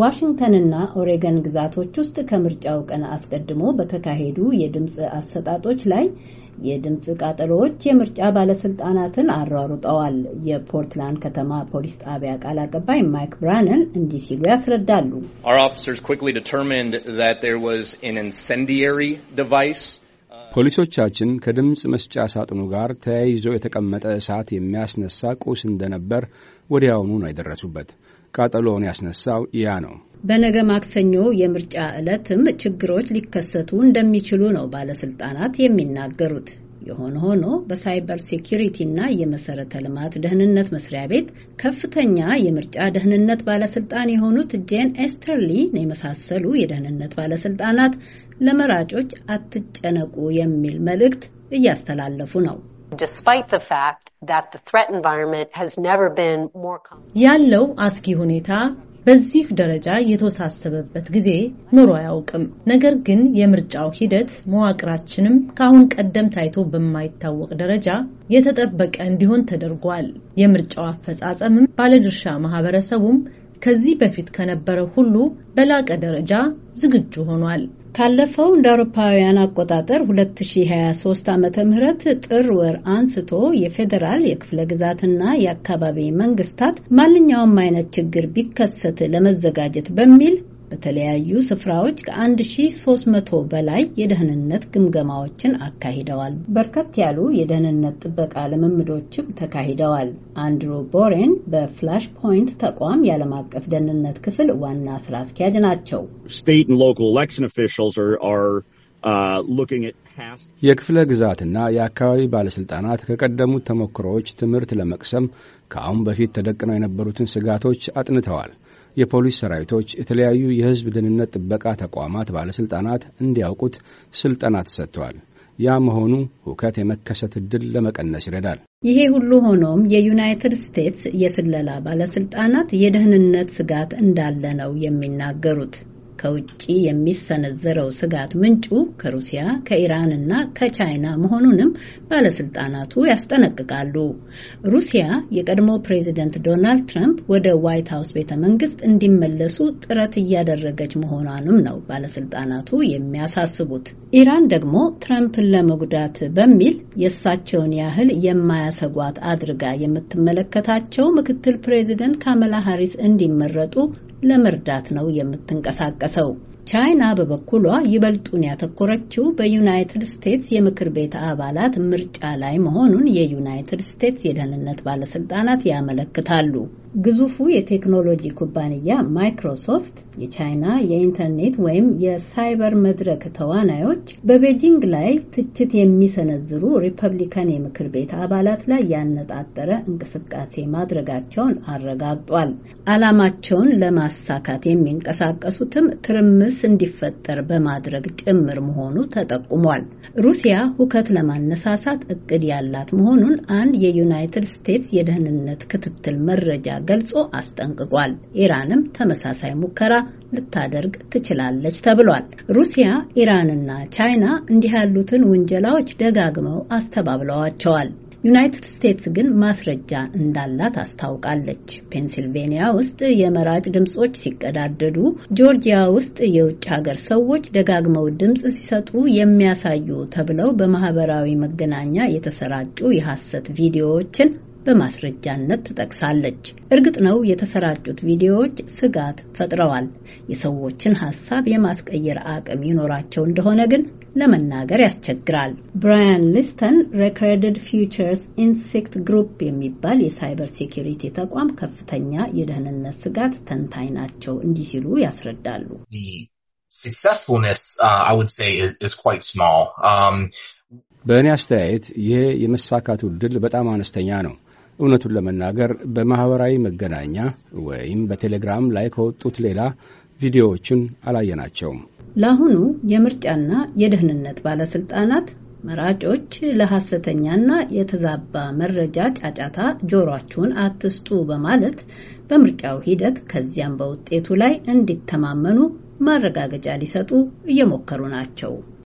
ዋሽንግተንና ኦሬገን ግዛቶች ውስጥ ከምርጫው ቀን አስቀድሞ በተካሄዱ የድምፅ አሰጣጦች ላይ የድምፅ ቃጠሎዎች የምርጫ ባለስልጣናትን አሯሩጠዋል። የፖርትላንድ ከተማ ፖሊስ ጣቢያ ቃል አቀባይ ማይክ ብራነን እንዲህ ሲሉ ያስረዳሉ። ፖሊሶቻችን ከድምፅ መስጫ ሳጥኑ ጋር ተያይዞ የተቀመጠ እሳት የሚያስነሳ ቁስ እንደነበር ወዲያውኑ ነው የደረሱበት። ቃጠሎውን ያስነሳው ያ ነው። በነገ ማክሰኞ የምርጫ ዕለትም ችግሮች ሊከሰቱ እንደሚችሉ ነው ባለስልጣናት የሚናገሩት። የሆነ ሆኖ በሳይበር ሴኪሪቲና የመሰረተ ልማት ደህንነት መስሪያ ቤት ከፍተኛ የምርጫ ደህንነት ባለስልጣን የሆኑት ጄን ኤስተርሊን የመሳሰሉ የደህንነት ባለስልጣናት ለመራጮች አትጨነቁ የሚል መልእክት እያስተላለፉ ነው። ያለው አስጊ ሁኔታ በዚህ ደረጃ የተወሳሰበበት ጊዜ ኑሮ አያውቅም። ነገር ግን የምርጫው ሂደት መዋቅራችንም ከአሁን ቀደም ታይቶ በማይታወቅ ደረጃ የተጠበቀ እንዲሆን ተደርጓል። የምርጫው አፈጻጸምም ባለድርሻ ማህበረሰቡም ከዚህ በፊት ከነበረው ሁሉ በላቀ ደረጃ ዝግጁ ሆኗል። ካለፈው እንደ አውሮፓውያን አቆጣጠር 2023 ዓ ም ጥር ወር አንስቶ የፌዴራል የክፍለ ግዛትና የአካባቢ መንግስታት ማንኛውም አይነት ችግር ቢከሰት ለመዘጋጀት በሚል በተለያዩ ስፍራዎች ከ1300 በላይ የደህንነት ግምገማዎችን አካሂደዋል። በርከት ያሉ የደህንነት ጥበቃ ልምምዶችም ተካሂደዋል። አንድሮ ቦሬን በፍላሽ ፖይንት ተቋም የዓለም አቀፍ ደህንነት ክፍል ዋና ስራ አስኪያጅ ናቸው። uh, የክፍለ ግዛትና የአካባቢ ባለሥልጣናት ከቀደሙት ተሞክሮዎች ትምህርት ለመቅሰም ከአሁን በፊት ተደቅነው የነበሩትን ስጋቶች አጥንተዋል። የፖሊስ ሰራዊቶች፣ የተለያዩ የህዝብ ደህንነት ጥበቃ ተቋማት ባለሥልጣናት እንዲያውቁት ስልጠና ተሰጥተዋል። ያ መሆኑ ሁከት የመከሰት ዕድል ለመቀነስ ይረዳል። ይሄ ሁሉ ሆኖም የዩናይትድ ስቴትስ የስለላ ባለስልጣናት የደህንነት ስጋት እንዳለ ነው የሚናገሩት። ከውጭ የሚሰነዘረው ስጋት ምንጩ ከሩሲያ ከኢራን እና ከቻይና መሆኑንም ባለስልጣናቱ ያስጠነቅቃሉ። ሩሲያ የቀድሞ ፕሬዚደንት ዶናልድ ትራምፕ ወደ ዋይት ሀውስ ቤተ መንግስት እንዲመለሱ ጥረት እያደረገች መሆኗንም ነው ባለስልጣናቱ የሚያሳስቡት። ኢራን ደግሞ ትራምፕን ለመጉዳት በሚል የእሳቸውን ያህል የማያሰጓት አድርጋ የምትመለከታቸው ምክትል ፕሬዚደንት ካመላ ሃሪስ እንዲመረጡ ለመርዳት ነው የምትንቀሳቀስ असौ ቻይና በበኩሏ ይበልጡን ያተኮረችው በዩናይትድ ስቴትስ የምክር ቤት አባላት ምርጫ ላይ መሆኑን የዩናይትድ ስቴትስ የደህንነት ባለስልጣናት ያመለክታሉ። ግዙፉ የቴክኖሎጂ ኩባንያ ማይክሮሶፍት የቻይና የኢንተርኔት ወይም የሳይበር መድረክ ተዋናዮች በቤጂንግ ላይ ትችት የሚሰነዝሩ ሪፐብሊካን የምክር ቤት አባላት ላይ ያነጣጠረ እንቅስቃሴ ማድረጋቸውን አረጋግጧል። ዓላማቸውን ለማሳካት የሚንቀሳቀሱትም ትርምስ ቀውስ እንዲፈጠር በማድረግ ጭምር መሆኑ ተጠቁሟል። ሩሲያ ሁከት ለማነሳሳት እቅድ ያላት መሆኑን አንድ የዩናይትድ ስቴትስ የደህንነት ክትትል መረጃ ገልጾ አስጠንቅቋል። ኢራንም ተመሳሳይ ሙከራ ልታደርግ ትችላለች ተብሏል። ሩሲያ፣ ኢራንና ቻይና እንዲህ ያሉትን ውንጀላዎች ደጋግመው አስተባብለዋቸዋል። ዩናይትድ ስቴትስ ግን ማስረጃ እንዳላት አስታውቃለች። ፔንሲልቬኒያ ውስጥ የመራጭ ድምጾች ሲቀዳደዱ፣ ጆርጂያ ውስጥ የውጭ ሀገር ሰዎች ደጋግመው ድምፅ ሲሰጡ የሚያሳዩ ተብለው በማህበራዊ መገናኛ የተሰራጩ የሐሰት ቪዲዮዎችን በማስረጃነት ትጠቅሳለች። እርግጥ ነው የተሰራጩት ቪዲዮዎች ስጋት ፈጥረዋል። የሰዎችን ሀሳብ የማስቀየር አቅም ይኖራቸው እንደሆነ ግን ለመናገር ያስቸግራል። ብራያን ሊስተን ሬኮርድድ ፊውቸርስ ኢንሴክት ግሩፕ የሚባል የሳይበር ሴኪሪቲ ተቋም ከፍተኛ የደህንነት ስጋት ተንታኝ ናቸው። እንዲህ ሲሉ ያስረዳሉ። uh, um, በእኔ አስተያየት ይሄ የመሳካቱ ድል በጣም አነስተኛ ነው። እውነቱን ለመናገር በማኅበራዊ መገናኛ ወይም በቴሌግራም ላይ ከወጡት ሌላ ቪዲዮዎችን አላየናቸውም። ለአሁኑ የምርጫና የደህንነት ባለስልጣናት መራጮች ለሐሰተኛና የተዛባ መረጃ ጫጫታ ጆሯችሁን አትስጡ በማለት በምርጫው ሂደት ከዚያም በውጤቱ ላይ እንዲተማመኑ ማረጋገጫ ሊሰጡ እየሞከሩ ናቸው።